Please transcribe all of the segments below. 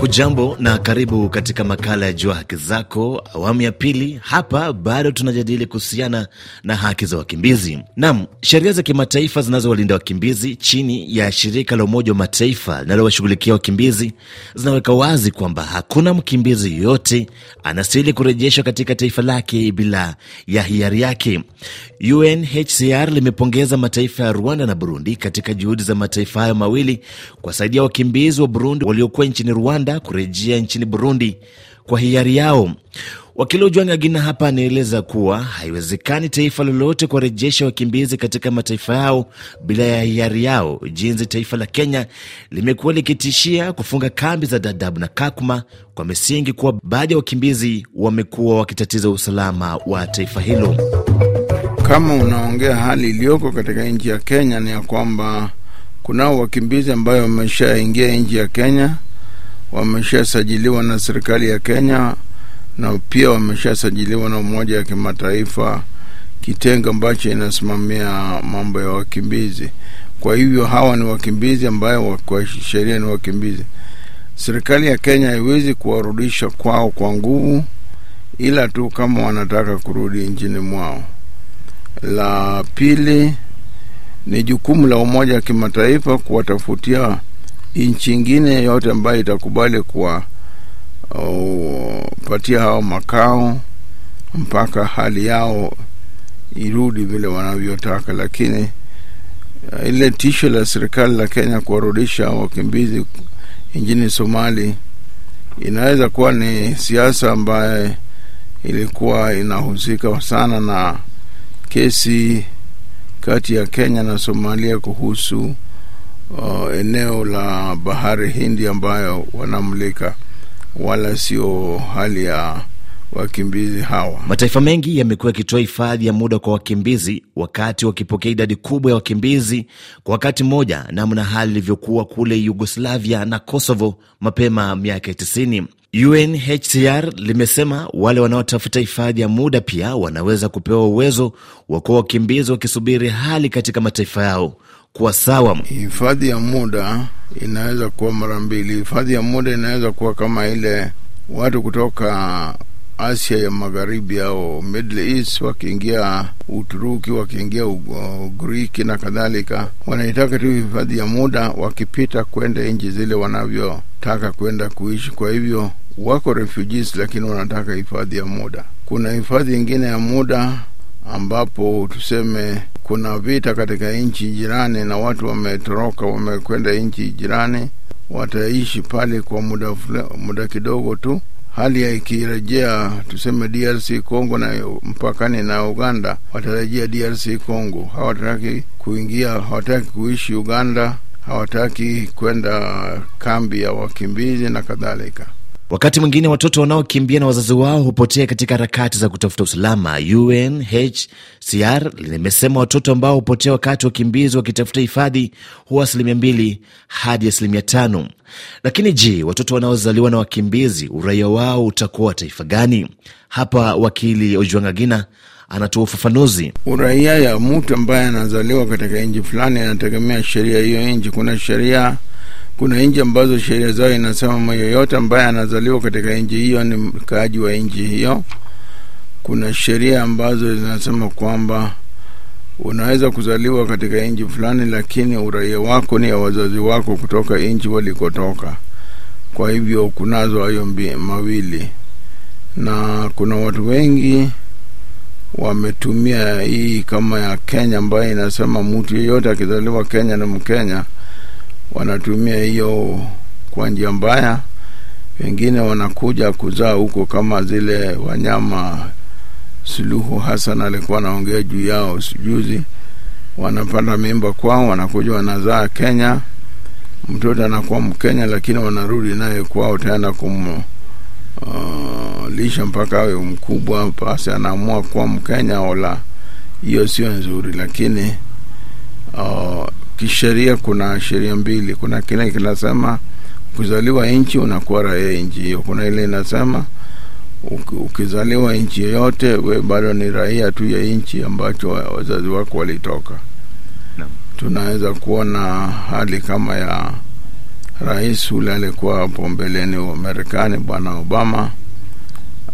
Hujambo na karibu katika makala ya Jua Haki Zako awamu ya pili. Hapa bado tunajadili kuhusiana na haki za wakimbizi. Naam, sheria za kimataifa zinazowalinda wakimbizi chini ya shirika la Umoja wa Mataifa linalowashughulikia wakimbizi zinaweka wazi kwamba hakuna mkimbizi yoyote anastahili kurejeshwa katika taifa lake bila ya hiari yake. UNHCR limepongeza mataifa ya Rwanda na Burundi katika juhudi za mataifa hayo mawili kuwasaidia wakimbizi wa Burundi waliokuwa nchini Rwanda Rwanda kurejea nchini Burundi kwa hiari yao. Wakili Ojwang Gina hapa anaeleza kuwa haiwezekani taifa lolote kuwarejesha wakimbizi katika mataifa yao bila ya hiari yao, jinsi taifa la Kenya limekuwa likitishia kufunga kambi za dadabu na Kakuma kwa misingi kuwa baadhi ya wakimbizi wamekuwa wakitatiza usalama wa taifa hilo. Kama unaongea hali iliyoko katika nchi ya Kenya ni ya kwamba kunao wakimbizi ambayo wameshaingia nchi ya Kenya wameshasajiliwa na serikali ya Kenya na pia wameshasajiliwa na Umoja wa Kimataifa, kitengo ambacho inasimamia mambo ya wakimbizi. Kwa hivyo hawa ni wakimbizi ambayo kwa sheria ni wakimbizi. Serikali ya Kenya haiwezi kuwarudisha kwao kwa nguvu, ila tu kama wanataka kurudi nchini mwao. La pili ni jukumu la Umoja wa Kimataifa kuwatafutia nchi ingine yote ambayo itakubali kuwapatia uh, hao makao mpaka hali yao irudi vile wanavyotaka, lakini uh, ile tisho la serikali la Kenya kuwarudisha wakimbizi nchini Somali inaweza kuwa ni siasa ambaye ilikuwa inahusika sana na kesi kati ya Kenya na Somalia kuhusu uh, eneo la bahari Hindi ambayo wanamlika wala sio hali ya wakimbizi hawa. Mataifa mengi yamekuwa yakitoa hifadhi ya muda kwa wakimbizi, wakati wakipokea idadi kubwa ya wakimbizi kwa wakati mmoja, namna hali ilivyokuwa kule Yugoslavia na Kosovo mapema miaka ya UNHCR limesema wale wanaotafuta hifadhi ya muda pia wanaweza kupewa uwezo wa kuwa wakimbizi wakisubiri hali katika mataifa yao kuwa sawa. Hifadhi ya muda inaweza kuwa mara mbili. Hifadhi ya muda inaweza kuwa kama ile watu kutoka Asia ya magharibi au Middle East wakiingia Uturuki, wakiingia Ugiriki na kadhalika, wanaitaka tu hifadhi ya muda, wakipita kwenda nchi zile wanavyotaka kwenda kuishi. Kwa hivyo wako refugees lakini wanataka hifadhi ya muda. Kuna hifadhi ingine ya muda ambapo tuseme kuna vita katika nchi jirani na watu wametoroka wamekwenda nchi jirani, wataishi pale kwa muda fule, muda kidogo tu. Hali ikirejea tuseme DRC Congo na mpakani na Uganda, watarejea DRC Congo. Hawataki kuingia, hawataki kuishi Uganda, hawataki kwenda kambi ya wakimbizi na kadhalika. Wakati mwingine watoto wanaokimbia na wazazi wao hupotea katika harakati za kutafuta usalama. UNHCR limesema watoto ambao hupotea wakati wakimbizi wakitafuta hifadhi huwa asilimia mbili hadi asilimia tano. Lakini je, watoto wanaozaliwa na wakimbizi uraia wao utakuwa wa taifa gani? Hapa wakili Ojuangagina anatoa ufafanuzi. Uraia ya mtu ambaye anazaliwa katika nchi fulani anategemea sheria hiyo nchi. Kuna sheria kuna nchi ambazo sheria zao inasema yoyote ambaye anazaliwa katika nchi hiyo ni mkaaji wa nchi hiyo. Kuna sheria ambazo zinasema kwamba unaweza kuzaliwa katika nchi fulani, lakini uraia wako ni ya wazazi wako kutoka nchi walikotoka. Kwa hivyo kunazo hayo mawili, na kuna watu wengi wametumia hii kama ya Kenya ambayo inasema mtu yeyote akizaliwa Kenya ni Mkenya wanatumia hiyo kwa njia mbaya. Wengine wanakuja kuzaa huko kama zile wanyama Suluhu hasan alikuwa anaongea juu yao sijuzi. Wanapata mimba kwao, wanakuja wanazaa Kenya, mtoto anakuwa Mkenya, lakini wanarudi naye kwao tena kumlisha Uh, mpaka awe mkubwa basi anaamua kuwa Mkenya. Ola, hiyo sio nzuri, lakini uh, kisheria kuna sheria mbili kuna kile kinasema ukizaliwa nchi unakuwa raia nchi hiyo kuna ile inasema ukizaliwa nchi yoyote we bado ni raia tu ya nchi ambacho wazazi wako walitoka no. tunaweza kuona hali kama ya rais ule alikuwa hapo mbeleni wa marekani bwana obama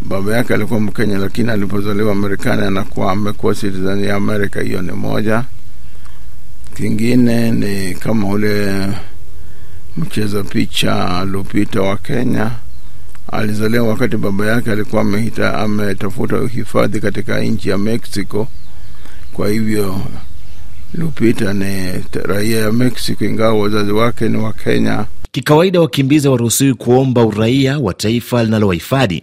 baba yake alikuwa mkenya lakini alipozaliwa marekani anakuwa amekuwa citizen ya amerika hiyo ni moja Kingine ni kama ule mcheza picha aliopita wa Kenya alizaliwa wakati baba yake alikuwa amehita, ametafuta uhifadhi katika nchi ya Mexico. Kwa hivyo Lupita ni raia ya Mexico ingawa wazazi wake ni wa Kenya. Kikawaida, wakimbizi waruhusiwi kuomba uraia wa taifa linalowahifadhi,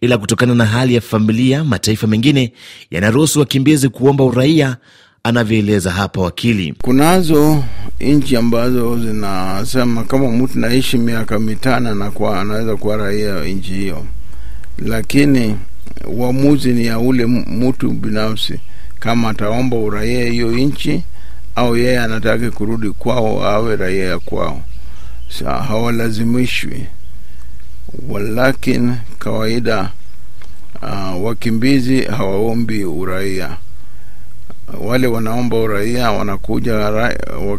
ila kutokana na hali ya familia, mataifa mengine yanaruhusu wakimbizi kuomba uraia anavyoeleza hapa wakili. Kunazo nchi ambazo zinasema kama mtu naishi miaka mitano na kwa anaweza kuwa raia wa nchi hiyo, lakini uamuzi ni ya ule mtu binafsi, kama ataomba uraia hiyo nchi au yeye anataka kurudi kwao awe raia ya kwao. Sa hawalazimishwi, walakini kawaida uh, wakimbizi hawaombi uraia wale wanaomba uraia wanakuja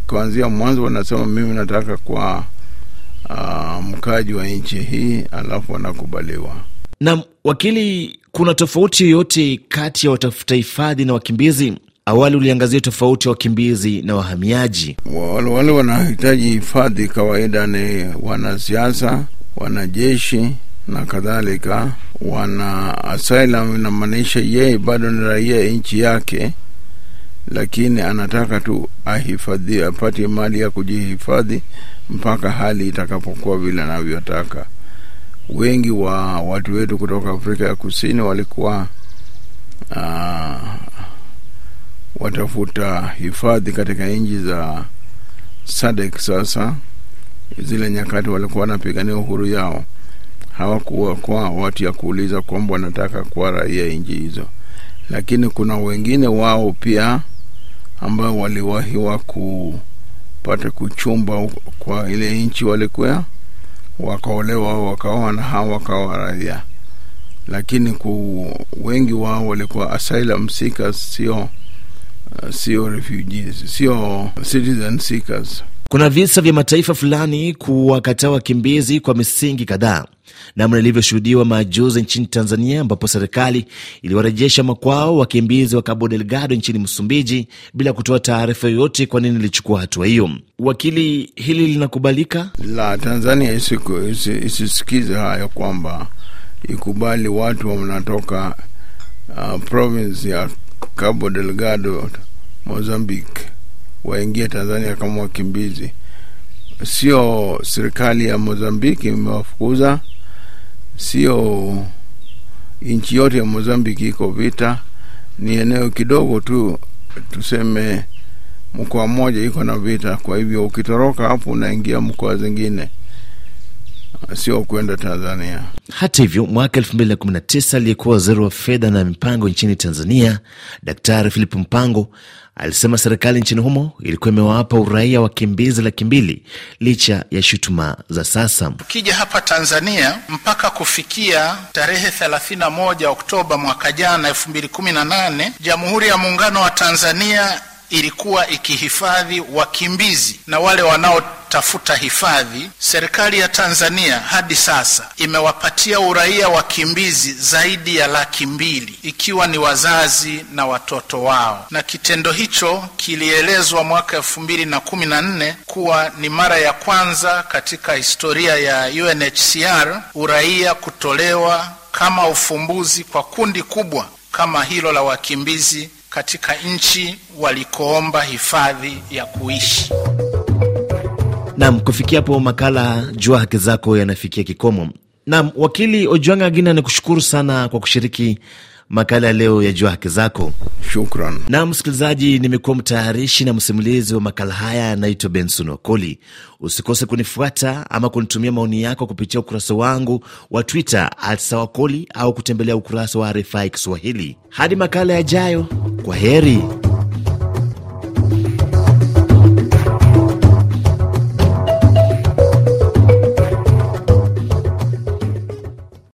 kuanzia mwanzo, wanasema mimi nataka kwa uh, mkaji wa nchi hii, alafu wanakubaliwa. Na wakili, kuna tofauti yoyote kati ya watafuta hifadhi na wakimbizi? Awali uliangazia tofauti ya wakimbizi na wahamiaji. Wale, wale wanahitaji hifadhi kawaida ni wanasiasa, wanajeshi na kadhalika. Wana asylum inamaanisha yeye bado ni raia nchi yake lakini anataka tu ahifadhi, apate mali ya kujihifadhi mpaka hali itakapokuwa vile anavyotaka. Wengi wa watu wetu kutoka Afrika ya Kusini walikuwa aa, ah, watafuta hifadhi katika nchi za Sadek. Sasa zile nyakati walikuwa wanapigania uhuru yao, hawakuwa kwa watu ya kuuliza kwamba wanataka kuwa raia nchi hizo, lakini kuna wengine wao pia ambao waliwahiwa kupata kuchumba kwa ile nchi walikuwa wakaolewa, wakaoa na hawa wakawa raia, lakini ku wengi wao walikuwa asylum seekers, sio sio refugees, sio citizen seekers. Kuna visa vya mataifa fulani kuwakataa wakimbizi kwa misingi kadhaa, namna ilivyoshuhudiwa majuzi nchini Tanzania, ambapo serikali iliwarejesha makwao wakimbizi wa Cabo Delgado nchini Msumbiji bila kutoa taarifa yoyote kwa nini ilichukua hatua hiyo. Wakili, hili linakubalika? La, Tanzania isisikize hayo kwamba ikubali watu wanatoka uh, province ya Cabo Delgado Mozambique waingie Tanzania kama wakimbizi. Sio serikali ya Mozambiki imewafukuza, sio nchi yote ya Mozambiki iko vita, ni eneo kidogo tu, tuseme mkoa mmoja iko na vita. Kwa hivyo ukitoroka hapo unaingia mkoa zingine sio kwenda Tanzania. Hata hivyo, mwaka 2019 aliyekuwa waziri wa fedha na mipango nchini Tanzania Daktari Philip Mpango Alisema serikali nchini humo ilikuwa imewapa uraia wakimbizi laki mbili licha ya shutuma za sasa. Tukija hapa Tanzania, mpaka kufikia tarehe 31 Oktoba mwaka jana 2018, Jamhuri ya Muungano wa Tanzania ilikuwa ikihifadhi wakimbizi na wale wanaotafuta hifadhi. Serikali ya Tanzania hadi sasa imewapatia uraia wakimbizi zaidi ya laki mbili ikiwa ni wazazi na watoto wao, na kitendo hicho kilielezwa mwaka elfu mbili na kumi na nne kuwa ni mara ya kwanza katika historia ya UNHCR uraia kutolewa kama ufumbuzi kwa kundi kubwa kama hilo la wakimbizi katika nchi walikoomba hifadhi ya kuishi. Nam, kufikia hapo makala Jua Haki Zako yanafikia kikomo. Nam, wakili Ojwanga Gina, ni kushukuru sana kwa kushiriki makala leo ya Jua Haki Zako. Shukran na msikilizaji, nimekuwa mtayarishi na msimulizi wa makala haya, anaitwa Benson Wakoli. Usikose kunifuata ama kunitumia maoni yako kupitia ukurasa wangu wa Twitter @sawakoli au kutembelea ukurasa wa RFI Kiswahili. Hadi makala yajayo, kwa heri.